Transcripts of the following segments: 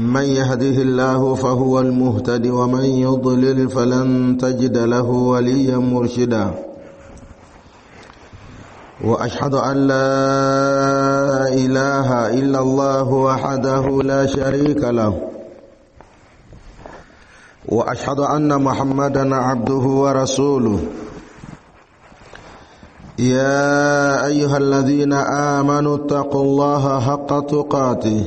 من يهده الله فهو المهتد ومن يضلل فلن تجد له وليا مرشدا واشهد ان لا اله الا الله وحده لا شريك له واشهد ان محمدا عبده ورسوله يا ايها الذين امنوا اتقوا الله حق تقاته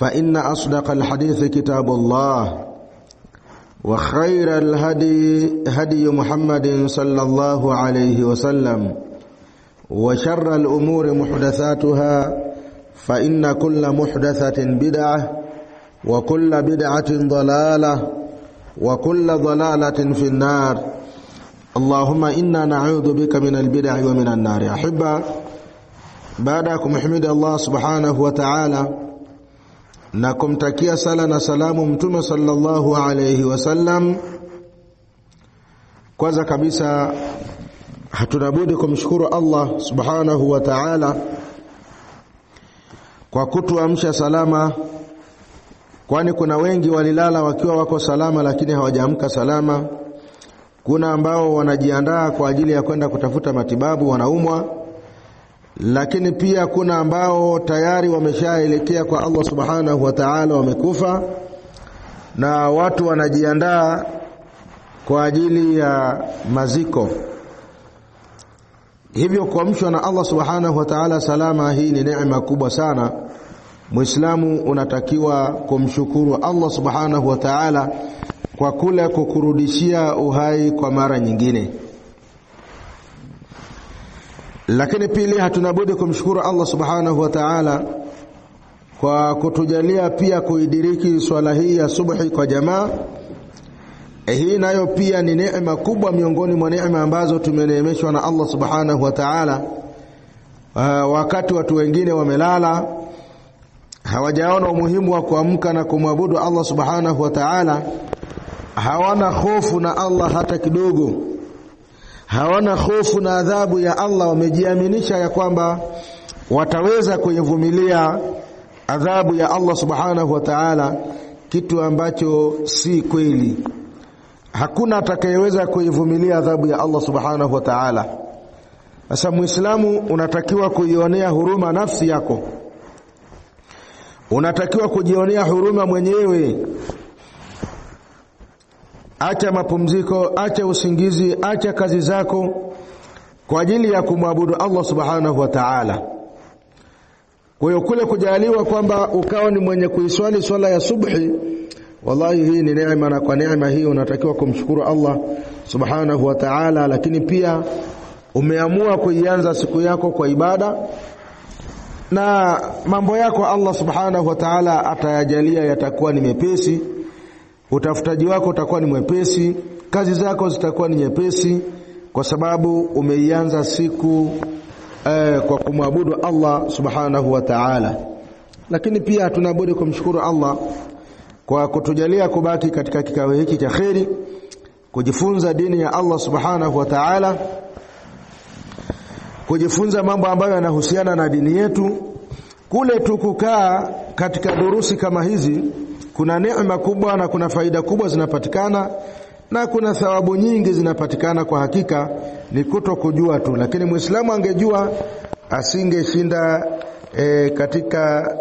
فإن أصدق الحديث كتاب الله وخير الهدي هدي محمد صلى الله عليه وسلم وشر الأمور محدثاتها فإن كل محدثة بدعة وكل بدعة ضلالة وكل ضلالة في النار اللهم إنا نعوذ بك من البدع ومن النار أحبة بعدكم احمد الله سبحانه وتعالى na kumtakia sala na salamu Mtume sallallahu alayhi wasallam. Kwanza kabisa hatunabudi kumshukuru Allah subhanahu wa ta'ala kwa kutuamsha salama, kwani kuna wengi walilala wakiwa wako salama, lakini hawajaamka salama. Kuna ambao wanajiandaa kwa ajili ya kwenda kutafuta matibabu, wanaumwa lakini pia kuna ambao tayari wameshaelekea kwa Allah subhanahu wa ta'ala, wamekufa na watu wanajiandaa kwa ajili ya maziko. Hivyo kuamshwa na Allah subhanahu wa ta'ala salama, hii ni neema kubwa sana. Muislamu unatakiwa kumshukuru Allah subhanahu wa ta'ala kwa kule kukurudishia uhai kwa mara nyingine. Lakini pili, hatuna budi kumshukuru Allah subhanahu wa ta'ala kwa kutujalia pia kuidiriki swala hii ya subhi kwa jamaa. Eh, hii nayo pia ni neema kubwa miongoni mwa neema ambazo tumeneemeshwa na Allah subhanahu wa ta'ala. Uh, wakati watu wengine wamelala hawajaona umuhimu wa kuamka na kumwabudu Allah subhanahu wa ta'ala, hawana hofu na Allah hata kidogo hawana hofu na adhabu ya Allah, wamejiaminisha ya kwamba wataweza kuivumilia adhabu ya Allah subhanahu wa ta'ala, kitu ambacho si kweli. Hakuna atakayeweza kuivumilia adhabu ya Allah subhanahu wa ta'ala. Sasa Muislamu unatakiwa kuionea huruma nafsi yako, unatakiwa kujionea huruma mwenyewe acha mapumziko, acha usingizi, acha kazi zako kwa ajili ya kumwabudu Allah subhanahu wa ta'ala. Kwa hiyo kule kujaliwa kwamba ukawa ni mwenye kuiswali swala ya subhi, wallahi hii ni neema, na kwa neema hii unatakiwa kumshukuru Allah subhanahu wa ta'ala, lakini pia umeamua kuianza siku yako kwa ibada na mambo yako Allah subhanahu wa ta'ala atayajalia yatakuwa ni mepesi. Utafutaji wako utakuwa ni mwepesi, kazi zako zitakuwa ni nyepesi, kwa sababu umeianza siku eh, kwa kumwabudu Allah subhanahu wa ta'ala. Lakini pia hatuna budi kumshukuru Allah kwa kutujalia kubaki katika kikao hiki cha kheri, kujifunza dini ya Allah subhanahu wa ta'ala, kujifunza mambo ambayo yanahusiana na dini yetu. Kule tukukaa katika durusi kama hizi kuna neema kubwa na kuna faida kubwa zinapatikana na kuna thawabu nyingi zinapatikana. Kwa hakika ni kuto kujua tu, lakini Muislamu angejua asingeshinda e, katika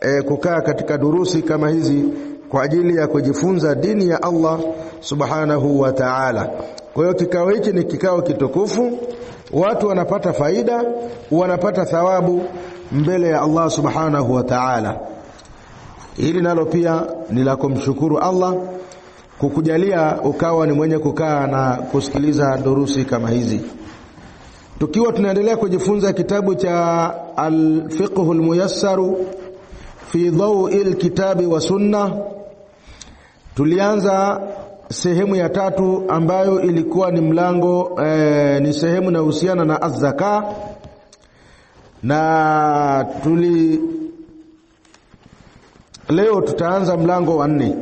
e, kukaa katika durusi kama hizi kwa ajili ya kujifunza dini ya Allah subhanahu wa ta'ala. Kwa hiyo kikao hiki ni kikao kitukufu, watu wanapata faida, wanapata thawabu mbele ya Allah subhanahu wa ta'ala. Hili nalo pia ni la kumshukuru Allah kukujalia ukawa ni mwenye kukaa na kusikiliza durusi kama hizi. Tukiwa tunaendelea kujifunza kitabu cha al lmuyassaru fi Dhawil Kitabi wa Sunna, tulianza sehemu ya tatu ambayo ilikuwa ni mlango e, ni sehemu inayohusiana na az na tuli Leo tutaanza mlango wa nne,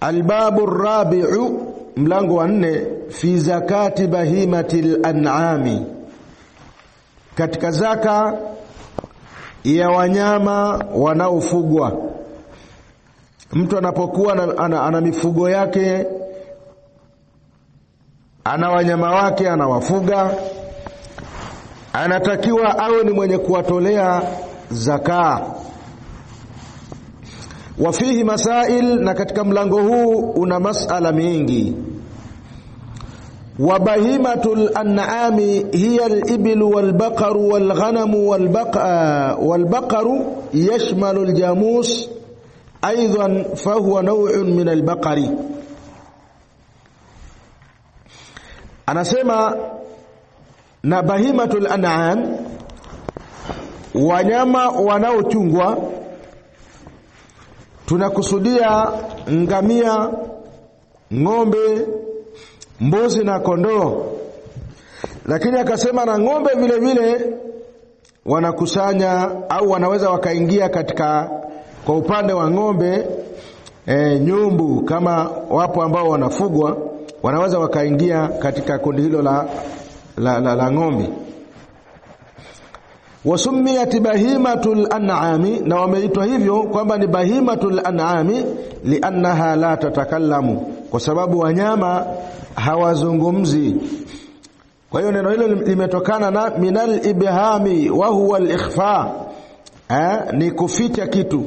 albabu rabiu, mlango wa nne, fi zakati bahimati lanami, katika zaka ya wanyama wanaofugwa. Mtu anapokuwa ana, ana, ana mifugo yake, ana wanyama wake, anawafuga, anatakiwa awe ni mwenye kuwatolea zakaa. Wa fihi masail, na katika mlango huu una masala mengi. Wa bahimatul an'ami hiya al-iblu wal-baqaru wal-ghanamu wal-baqaru yashmalu al-jamus aidan fahuwa naw'un min al-baqari. Anasema na bahimatul an'am Wanyama wanaochungwa tunakusudia ngamia, ng'ombe, mbuzi na kondoo, lakini akasema na ng'ombe vile vile wanakusanya au wanaweza wakaingia katika, kwa upande wa ng'ombe e, nyumbu kama wapo ambao wanafugwa wanaweza wakaingia katika kundi hilo la, la, la, la ng'ombe wasumiyat bahimatul an'ami, na wameitwa hivyo kwamba ni bahimatul an'ami liannaha la tatakallamu, kwa sababu wanyama hawazungumzi. Kwa hiyo neno hilo limetokana na minal ibhami wa huwa alikhfa, eh, ni kuficha kitu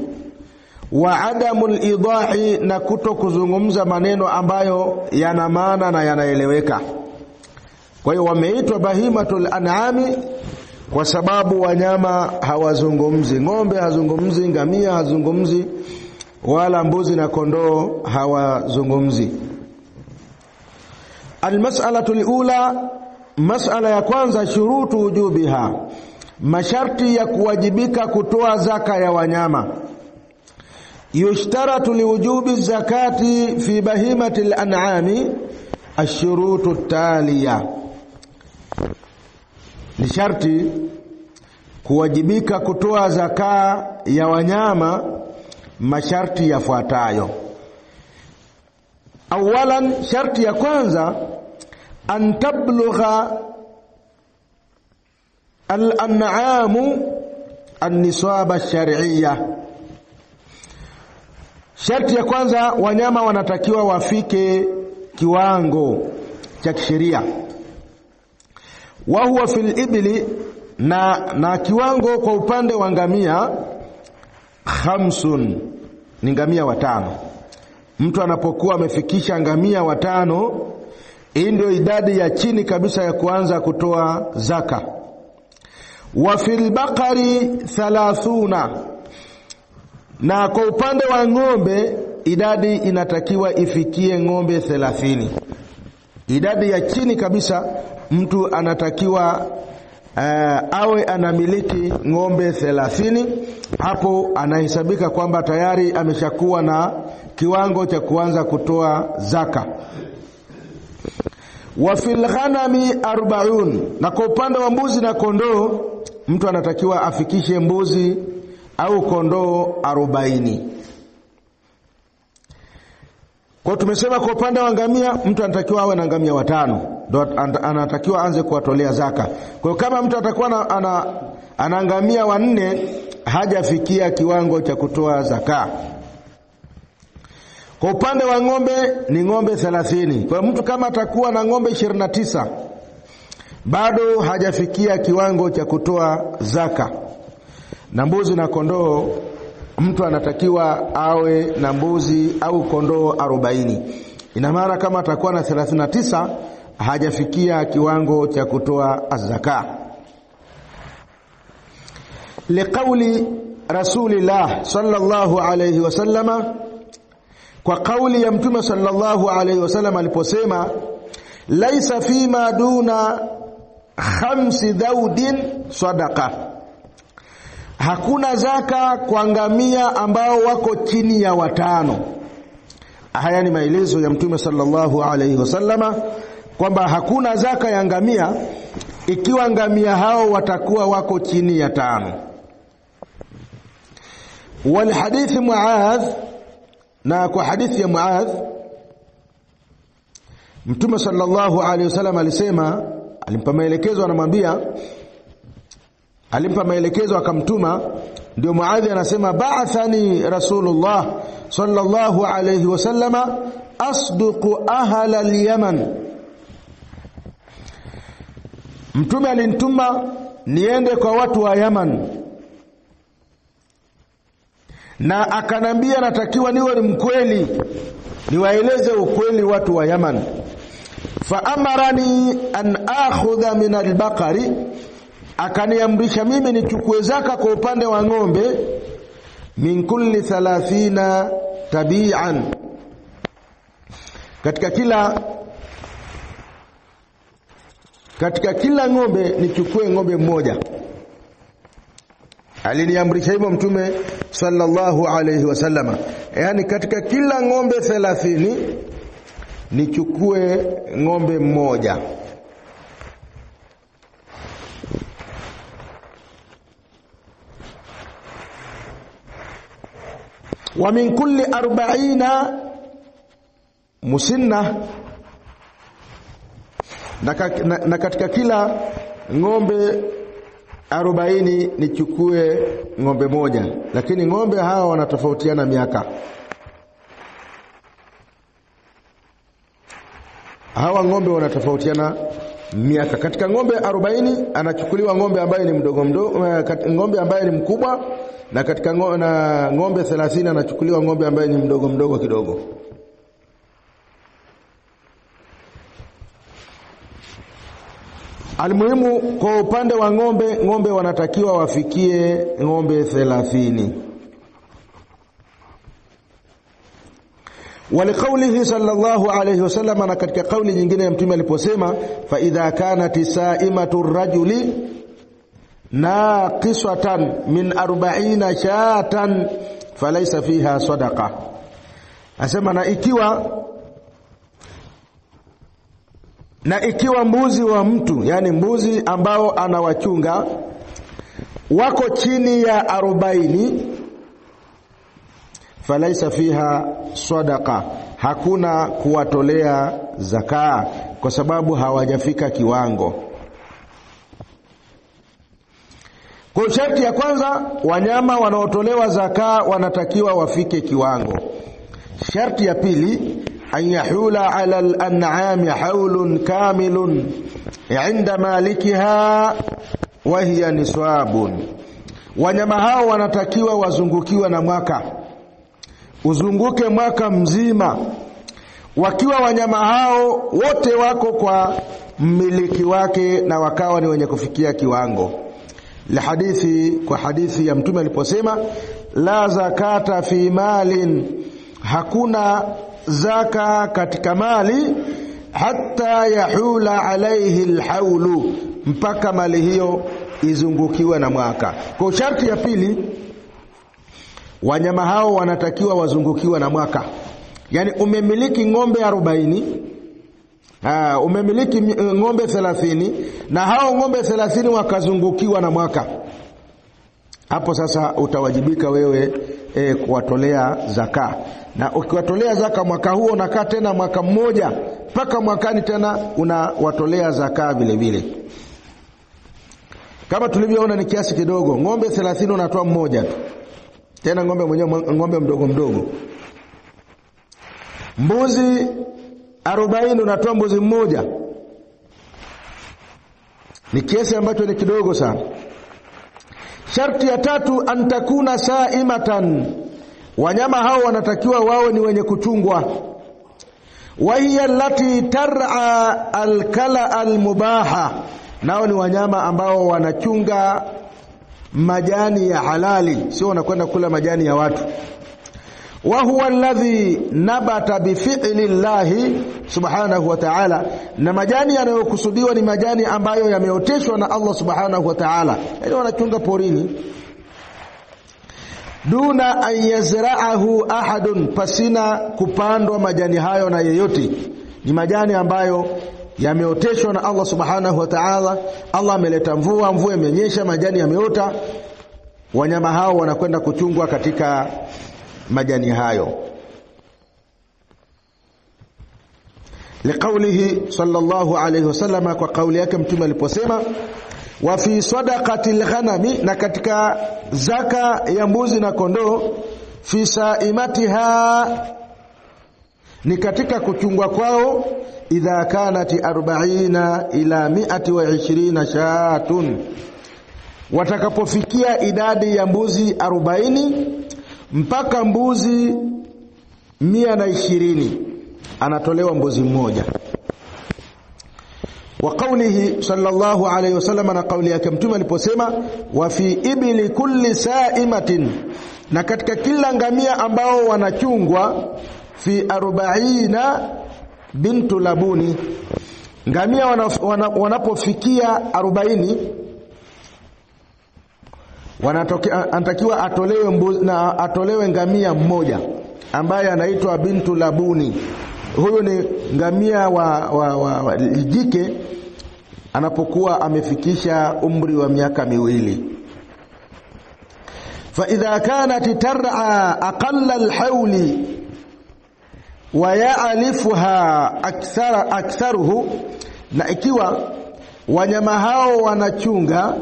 wa adamu lidai, na kuto kuzungumza maneno ambayo yana maana na yanaeleweka. Kwa hiyo wameitwa bahimatul an'ami kwa sababu wanyama hawazungumzi. Ng'ombe hazungumzi, ngamia hazungumzi, wala mbuzi na kondoo hawazungumzi. Almasalatu lula, masala ya kwanza, shurutu wujubiha, masharti ya kuwajibika kutoa zaka ya wanyama. Yushtaratu liwujubi zakati fi bahimati lanami ashurutu taliya ni sharti kuwajibika kutoa zakaa ya wanyama masharti yafuatayo. Awalan, sharti ya kwanza an tablugha al-an'amu an-nisaba shar'iyya. Sharti ya kwanza, wanyama wanatakiwa wafike kiwango cha kisheria wa huwa fil ibli na, na kiwango kwa upande wa ngamia khamsun ni ngamia watano. Mtu anapokuwa amefikisha ngamia watano, hii ndio idadi ya chini kabisa ya kuanza kutoa zaka. Wa fil baqari thalathuna, na kwa upande wa ng'ombe idadi inatakiwa ifikie ng'ombe thelathini. Idadi ya chini kabisa mtu anatakiwa uh, awe anamiliki ng'ombe thelathini. Hapo anahesabika kwamba tayari ameshakuwa na kiwango cha kuanza kutoa zaka. Wa fil ghanami arbaun, na kwa upande wa mbuzi na kondoo mtu anatakiwa afikishe mbuzi au kondoo arobaini. Kwa tumesema kwa upande wa ngamia, mtu anatakiwa awe na ngamia watano, ndo anatakiwa aanze kuwatolea zaka. Kwa kama mtu atakuwa ana, ana ngamia wanne, hajafikia kiwango cha kutoa zaka. Kwa upande wa ng'ombe ni ng'ombe thelathini. Kwa mtu kama atakuwa na ng'ombe ishirini na tisa bado hajafikia kiwango cha kutoa zaka, na mbuzi na kondoo mtu anatakiwa awe na mbuzi au kondoo arobaini. Ina maana kama atakuwa na 39 hajafikia kiwango cha kutoa azaka. Liqauli Rasulillah sallallahu alayhi wasallama, kwa kauli ya Mtume sallallahu alayhi wasallam aliposema, laisa fima duna khamsi dhaudin sadaqa Hakuna zaka kwa ngamia ambao wako chini ya watano. Haya ni maelezo ya Mtume sallallahu alaihi wasallama kwamba hakuna zaka ya ngamia ikiwa ngamia hao watakuwa wako chini ya tano. Wal hadith Muadh, na kwa hadithi ya Muadh Mtume sallallahu alaihi wasallam alisema, alimpa maelekezo, anamwambia alimpa maelekezo akamtuma. Ndio Muadhi anasema ba'athani Rasulullah sallallahu alayhi wasallama asduqu ahla al-Yaman, mtume alinituma niende kwa watu wa Yaman na akanambia natakiwa niwe ni mkweli, niwaeleze ukweli watu wa Yaman. fa amarani an akhudha min albaqari akaniamrisha mimi nichukue zaka kwa upande wa ng'ombe, min kulli thalathina tabian, katika kila katika kila ng'ombe nichukue ng'ombe mmoja. Aliniamrisha hivyo Mtume sallallahu alayhi wasallama, yaani katika kila ng'ombe thelathini nichukue ng'ombe mmoja. wa min kulli 40 musinna na, na, na katika kila ng'ombe 40 nichukue ng'ombe moja, lakini ng'ombe hawa wanatofautiana miaka. Hawa ng'ombe wanatofautiana miaka. Katika ng'ombe 40 anachukuliwa ng'ombe ambaye ni mdogo mdogo, eh, ng'ombe ambaye ni mkubwa, na katika ng'ombe 30 anachukuliwa ng'ombe ambaye ni mdogo mdogo kidogo. Almuhimu, kwa upande wa ng'ombe, ng'ombe wanatakiwa wafikie ng'ombe ولقوله sallallahu alayhi عليه وسلم na katika kauli nyingine ya mtume aliposema fa idha kanat saimatu rajuli naqisatan min arbaina shatan falaysa fiha sadaqa asema na ikiwa na ikiwa mbuzi wa mtu yani mbuzi ambao anawachunga wako chini ya arobaini falaisa fiha sadaqa, hakuna kuwatolea zakaa kwa sababu hawajafika kiwango. Kwa sharti ya kwanza, wanyama wanaotolewa zakaa wanatakiwa wafike kiwango. Sharti ya pili, an yahula ala al-an'ami haulun kamilun inda malikiha wa hiya niswabun, wanyama hao wanatakiwa wazungukiwa na mwaka uzunguke mwaka mzima, wakiwa wanyama hao wote wako kwa mmiliki wake na wakawa ni wenye kufikia kiwango la hadithi. Kwa hadithi ya Mtume aliposema la zakata fi malin, hakuna zaka katika mali hata yahula alaihi lhaulu, mpaka mali hiyo izungukiwe na mwaka. Kwa sharti ya pili Wanyama hao wanatakiwa wazungukiwa na mwaka, yaani umemiliki ng'ombe 40 Uh, ah, umemiliki eh, ng'ombe thelathini na hao ng'ombe thelathini wakazungukiwa na mwaka, hapo sasa utawajibika wewe e, kuwatolea zaka, na ukiwatolea zaka mwaka huo unakaa tena mwaka mmoja mpaka mwakani tena unawatolea zaka vile vile. Kama tulivyoona ni kiasi kidogo, ng'ombe 30 unatoa mmoja tu tena ng'ombe mwenyewe ng'ombe mdogo mdogo mbuzi 40 unatoa mbuzi mmoja ni kiasi ambacho ni kidogo sana sharti ya tatu antakuna saimatan wanyama hao wanatakiwa wao ni wenye kuchungwa wahiya lati tara alkala almubaha nao ni wanyama ambao wanachunga majani ya halali, sio wanakwenda kula majani ya watu. Wa huwa alladhi nabata bifili llahi subhanahu wa ta'ala, na majani yanayokusudiwa ni majani ambayo yameoteshwa na Allah subhanahu wa ta'ala, yani wanachunga porini duna an yazraahu ahadun, pasina kupandwa majani hayo na yeyote. Ni majani ambayo yameoteshwa na Allah subhanahu wa ta'ala. Allah ameleta mvua, mvua imenyesha, majani yameota, wanyama hao wanakwenda kuchungwa katika majani hayo. Liqaulihi sallallahu alayhi wasallam, kwa kauli yake Mtume aliposema wa fi sadaqati lghanami, na katika zaka ya mbuzi na kondoo, fi saimatiha ni katika kuchungwa kwao idha kanat 40 ila 120 shatun watakapofikia idadi ya mbuzi 40 mpaka mbuzi mia na ishirini anatolewa mbuzi mmoja. Wa qaulihi sallallahu alayhi wasallam, na kauli yake Mtume aliposema wa fi ibli kulli saimatin, na katika kila ngamia ambao wanachungwa fi arbaina bintu labuni, ngamia wanapofikia wana, wana arobaini anatakiwa atolewe mbu, na atolewe ngamia mmoja ambaye anaitwa bintu labuni. Huyu ni ngamia wa, wa, wa, wa jike anapokuwa amefikisha umri wa miaka miwili. Fa idha kanat tar'a aqalla alhawli wayaalifuha akthara aktharuhu, na ikiwa wanyama hao wanachunga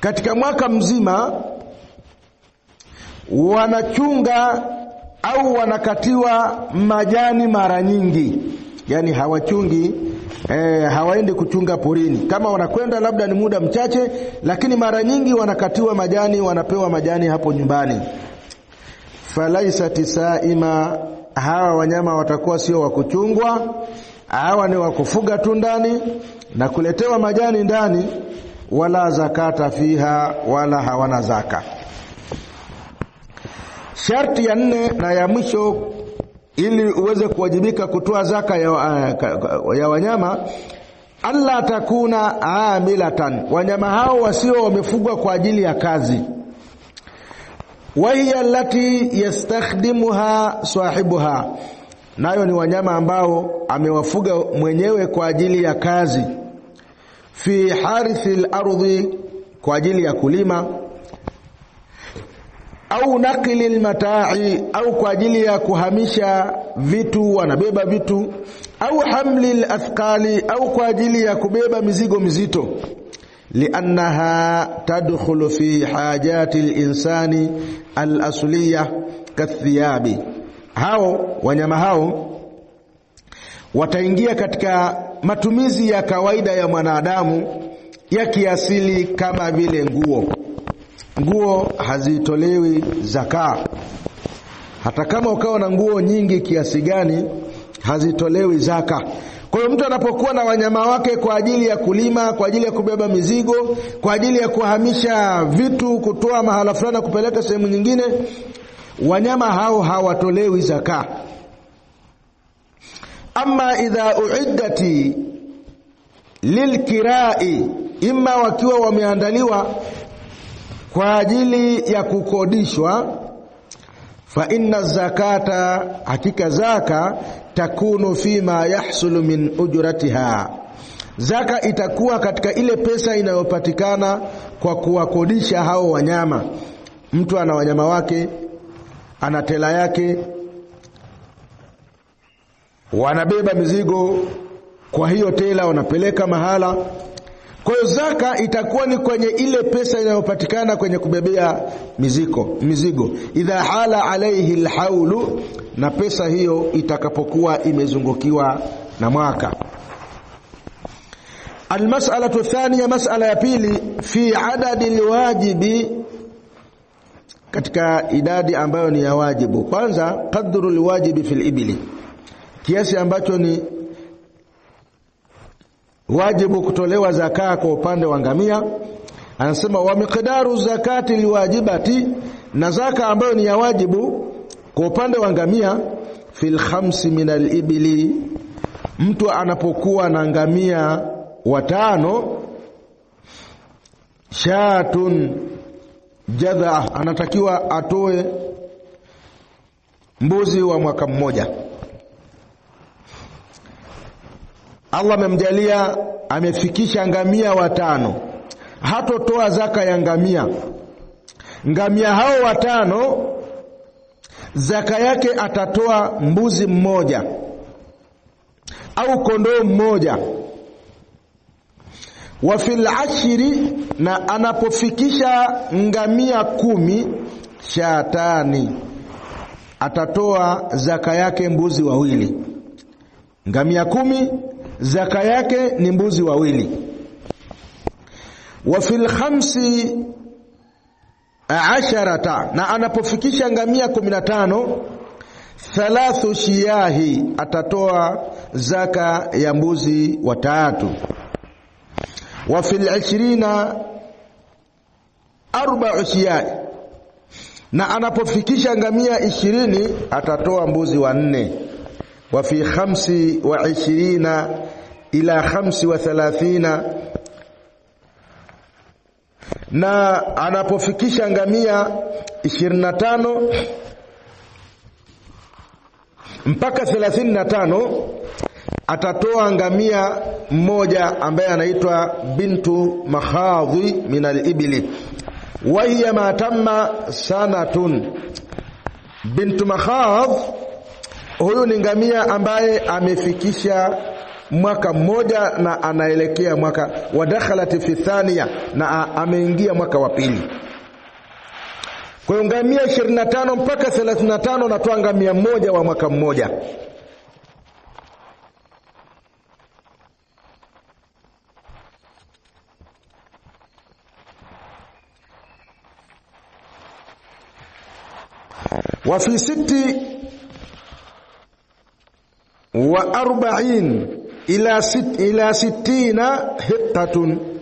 katika mwaka mzima, wanachunga au wanakatiwa majani mara nyingi, yani hawachungi E, hawaendi kuchunga porini. Kama wanakwenda labda ni muda mchache, lakini mara nyingi wanakatiwa majani, wanapewa majani hapo nyumbani falaisati saima, hawa wanyama watakuwa sio wa kuchungwa, hawa ni wa kufuga tu ndani na kuletewa majani ndani, wala zakata fiha, wala hawana zaka. Sharti ya nne na ya mwisho ili uweze kuwajibika kutoa zaka ya, uh, ya wanyama alla takuna amilatan, wanyama hao wasio wamefugwa kwa ajili ya kazi wa hiya allati yastakhdimuha sahibuha, nayo ni wanyama ambao amewafuga mwenyewe kwa ajili ya kazi. Fi harithil lardhi kwa ajili ya kulima au naqli lmatai au kwa ajili ya kuhamisha vitu, wanabeba vitu, au hamli lathqali, au kwa ajili ya kubeba mizigo mizito liannaha tadkhulu fi hajati linsani alasliya kathiyabi. Hao wanyama hao wataingia katika matumizi ya kawaida ya mwanadamu ya kiasili kama vile nguo. Nguo hazitolewi zakaa, hata kama ukawa na nguo nyingi kiasi gani, hazitolewi zaka. Kwa hiyo mtu anapokuwa na wanyama wake kwa ajili ya kulima, kwa ajili ya kubeba mizigo, kwa ajili ya kuhamisha vitu kutoa mahala fulani kupeleka sehemu nyingine, wanyama hao hawatolewi zaka. Ama idha uiddati lilkirai, imma wakiwa wameandaliwa kwa ajili ya kukodishwa fa inna zakata, hakika zaka takunu fima yahsulu min ujratiha, zaka itakuwa katika ile pesa inayopatikana kwa kuwakodisha hao wanyama. Mtu ana wanyama wake, ana tela yake, wanabeba mizigo kwa hiyo tela, wanapeleka mahala kwa hiyo zaka itakuwa ni kwenye ile pesa inayopatikana kwenye kubebea mizigo, mizigo idha hala alaihi lhaulu, na pesa hiyo itakapokuwa imezungukiwa na mwaka. Almasalatu thaniya, masala ya pili, fi adadi lwajibi, katika idadi ambayo ni ya wajibu. Kwanza qadru lwajibi fi libili, kiasi ambacho ni wajibu kutolewa zakaa kwa upande wa ngamia. Anasema wa miqdaru zakati liwajibati, na zaka ambayo ni ya wajibu kwa upande wa ngamia fil khamsi min alibili, mtu anapokuwa na ngamia watano, shatun jadha, anatakiwa atoe mbuzi wa mwaka mmoja Allah amemjalia amefikisha ngamia watano, hatotoa zaka ya ngamia. Ngamia hao watano zaka yake atatoa mbuzi mmoja au kondoo mmoja. Wa fil ashri, na anapofikisha ngamia kumi shatani atatoa zaka yake mbuzi wawili. Ngamia kumi zaka yake ni mbuzi wawili. Wa fil khamsi asharata, na anapofikisha ngamia 15 thalathu shiyahi, atatoa zaka ya mbuzi watatu. Wa fil ishrina arbau shiyahi, na anapofikisha ngamia ishirini atatoa mbuzi wanne وفي خمس وعشرين ila 35 na anapofikisha ngamia 25 mpaka 35 atatoa ngamia mmoja ambaye anaitwa bintu mahadhi min alibili wa ma tamma sanatun bintu mahadhi Huyu ni ngamia ambaye amefikisha mwaka mmoja na anaelekea mwaka dakhalat fi thania, na ameingia mwaka wa pili. Kwa hiyo ngamia 25 mpaka 35 natoa ngamia mmoja wa mwaka mmoja. wa fi sitti wa arba'in ila, sit, ila sittina hitatun.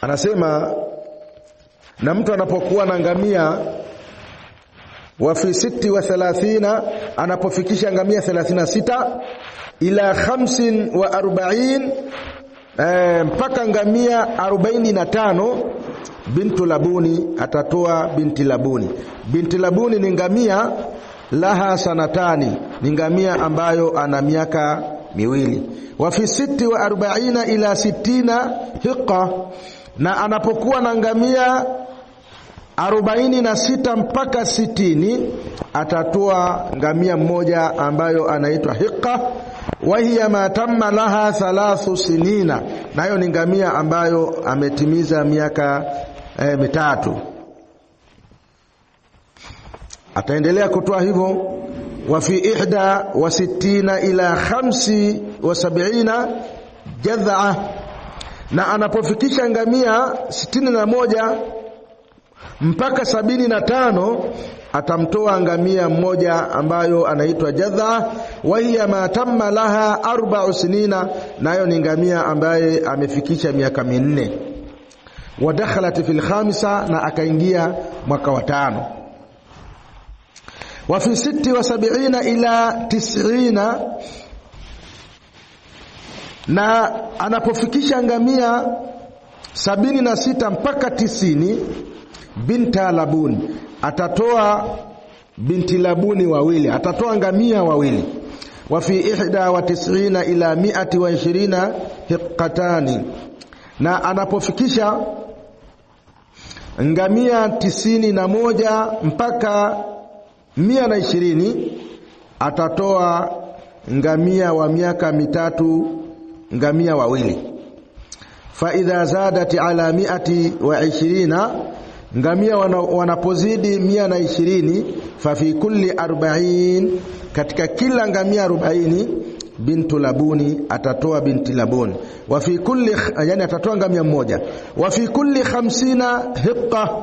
Anasema na mtu anapokuwa na ngamia wa fi sitti wa thalathina, anapofikisha ngamia 36 ila khamsin wa arba'in e, mpaka ngamia 45 bintu labuni atatoa binti labuni. Binti labuni ni ngamia laha sanatani, ni ngamia ambayo ana miaka miwili. fi sitti wa arbaina ila sitina hiqa, na anapokuwa na ngamia arobaini na sita mpaka sitini atatoa ngamia mmoja ambayo anaitwa hiqa wahiya tamma laha thalathu sinina, nayo ni ngamia ambayo ametimiza miaka eh, mitatu. Ataendelea kutoa hivyo wa fi ihda wa sitina ila khamsi wa sabiina jadhaa, na anapofikisha ngamia sitini na moja mpaka sabini na tano atamtoa ngamia mmoja ambayo anaitwa jadha, wa hiya ma tamma laha arba'u sinina, nayo ni ngamia ambaye amefikisha miaka minne. Wa dakhalat fil khamisa, na akaingia mwaka wa tano. Wa fi sitti wa sabiina ila tis'ina, na anapofikisha ngamia sabini na sita mpaka tisini binta labun atatoa binti labuni wawili, atatoa ngamia wawili. wa fi ihda wa tisina ila miati wa ishirina hiqatani, na anapofikisha ngamia tisini na moja mpaka mia na ishirini atatoa ngamia wa miaka mitatu ngamia wawili. fa idha zadati ala miati wa ishirina ngamia wanapozidi mia na ishirini fafi kulli arbain, katika kila ngamia arobaini bintu labuni atatoa binti labuni wa fi kulli, yani atatoa ngamia mmoja. Wa fi kulli khamsina hiqa,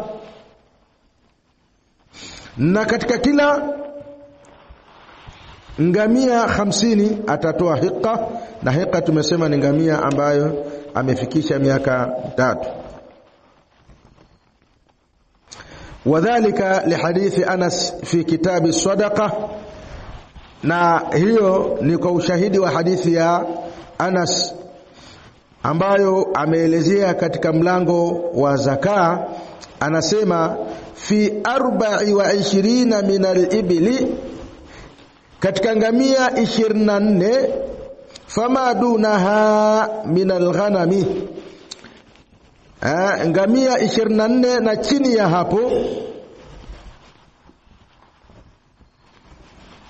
na katika kila ngamia hamsini atatoa hiqa, na hiqa tumesema ni ngamia ambayo amefikisha miaka tatu. wadhalika lihadithi Anas fi kitabi sadaqa, na hiyo ni kwa ushahidi wa hadithi ya Anas ambayo ameelezea katika mlango wa zaka, anasema fi arba'i wa ishirina min katika ngamia 24 fama dunaha min alghanami Eh, ngamia 24 na na chini ya hapo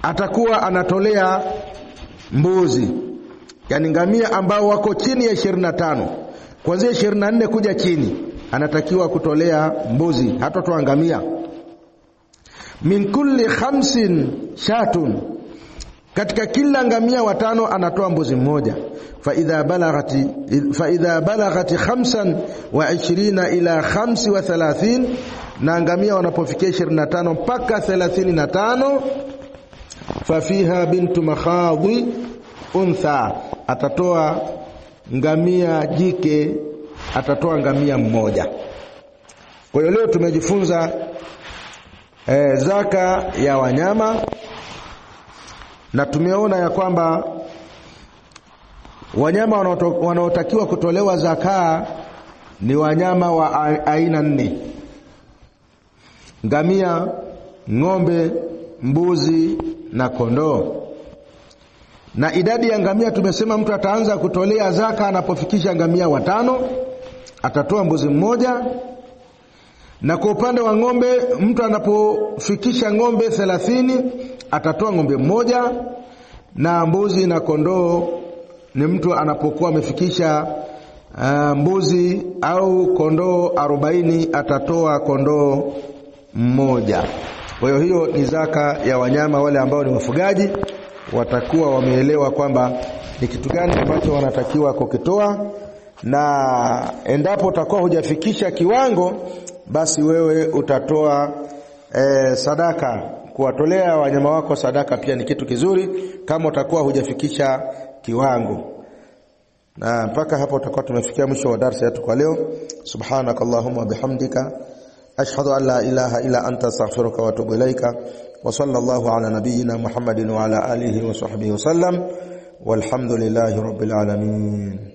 atakuwa anatolea mbuzi, yaani ngamia ambao wako chini ya ishirini na tano kuanzia 24 na kuja chini anatakiwa kutolea mbuzi, hatatoa ngamia. min kulli khamsin shatun katika kila ngamia watano anatoa mbuzi mmoja. faidha balaghati faidha balaghati khamsan wa ishirina ila khamsi wa thalathin, na ngamia wanapofikia 25 mpaka 35, fafiha bintu makhadhi untha, atatoa ngamia jike, atatoa ngamia mmoja. Kwa hiyo leo tumejifunza eh, zaka ya wanyama na tumeona ya kwamba wanyama wanaotakiwa kutolewa zakaa ni wanyama wa aina nne: ngamia, ng'ombe, mbuzi na kondoo. Na idadi ya ngamia tumesema mtu ataanza kutolea zaka anapofikisha ngamia watano, atatoa mbuzi mmoja. Na kwa upande wa ng'ombe, mtu anapofikisha ng'ombe thelathini atatoa ng'ombe mmoja na mbuzi na kondoo. Ni mtu anapokuwa amefikisha uh, mbuzi au kondoo arobaini atatoa kondoo mmoja. Kwa hiyo hiyo ni zaka ya wanyama. Wale ambao ni wafugaji watakuwa wameelewa kwamba ni kitu gani ambacho wanatakiwa kukitoa, na endapo utakuwa hujafikisha kiwango, basi wewe utatoa eh, sadaka Kuwatolea wanyama wako sadaka pia ni kitu kizuri, kama utakuwa hujafikisha kiwango. Na mpaka hapo tutakuwa tumefikia mwisho wa darasa yetu kwa leo. Subhanakallahumma bihamdika ashhadu an la ilaha illa anta astaghfiruka wa atubu ilaika wa sallallahu ala nabiyyina Muhammadin wa ala alihi wa sahbihi wasallam walhamdulillahi rabbil alamin.